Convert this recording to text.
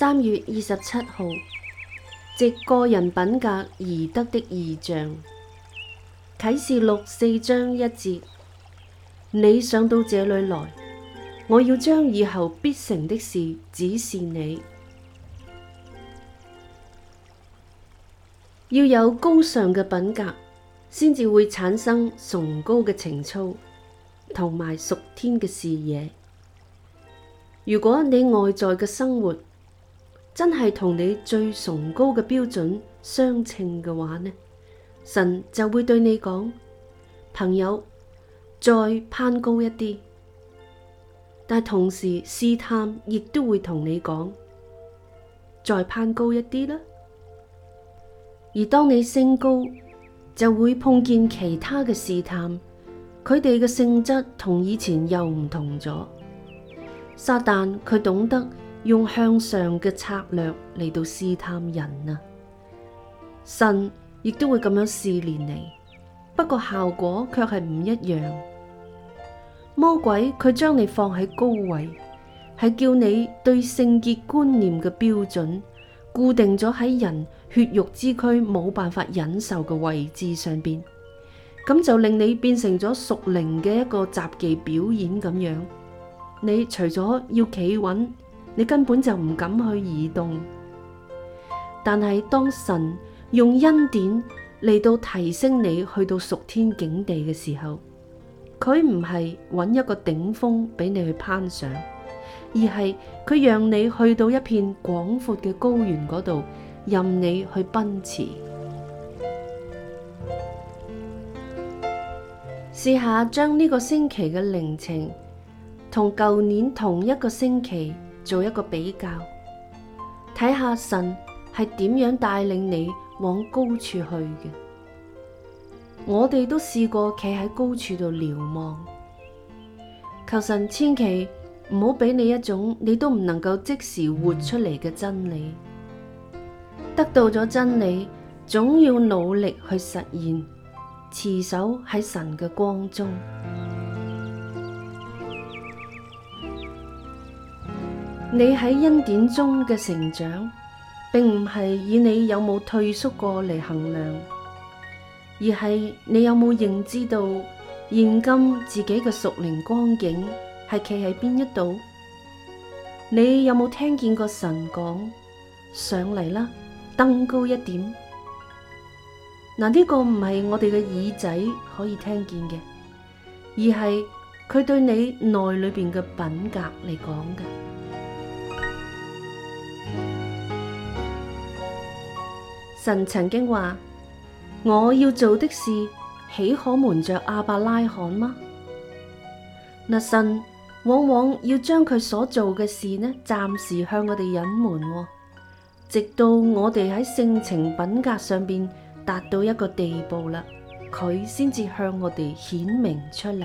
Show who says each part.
Speaker 1: 三月二十七號，藉個人品格而得的異象，啟示錄四章一節，你上到這裏來，我要將以後必成的事指示你。要有高尚嘅品格，先至會產生崇高嘅情操，同埋屬天嘅視野。如果你外在嘅生活，真係同你最崇高嘅標準相稱嘅話呢，神就會對你講，朋友，再攀高一啲。但同時試探亦都會同你講，再攀高一啲啦。而當你升高，就會碰見其他嘅試探，佢哋嘅性質同以前又唔同咗。撒旦，佢懂得。用向上嘅策略嚟到試探人啊，神亦都會咁樣試煉你，不過效果卻係唔一樣。魔鬼佢將你放喺高位，係叫你對聖潔觀念嘅標準固定咗喺人血肉之軀冇辦法忍受嘅位置上邊，咁就令你變成咗屬靈嘅一個雜技表演咁樣。你除咗要企穩。你根本就唔敢去移動，但係當神用恩典嚟到提升你，去到屬天境地嘅時候，佢唔係揾一個頂峰俾你去攀上，而係佢讓你去到一片廣闊嘅高原嗰度，任你去奔馳。試下將呢個星期嘅靈情同舊年同一個星期。做一個比較，睇下神係點樣帶領你往高處去嘅。我哋都試過企喺高處度瞭望，求神千祈唔好俾你一種你都唔能夠即時活出嚟嘅真理。得到咗真理，總要努力去實現，持守喺神嘅光中。你喺恩典中嘅成長，並唔係以你有冇退縮過嚟衡量，而係你有冇認知到現今自己嘅屬靈光景係企喺邊一度。你有冇聽見過神講上嚟啦，登高一點？嗱，呢個唔係我哋嘅耳仔可以聽見嘅，而係佢對你內裏邊嘅品格嚟講嘅。神曾經話：我要做的事，豈可瞞着亞伯拉罕嗎？那神往往要將佢所做嘅事呢，暫時向我哋隱瞞，哦，直到我哋喺性情品格上邊達到一個地步啦，佢先至向我哋顯明出嚟。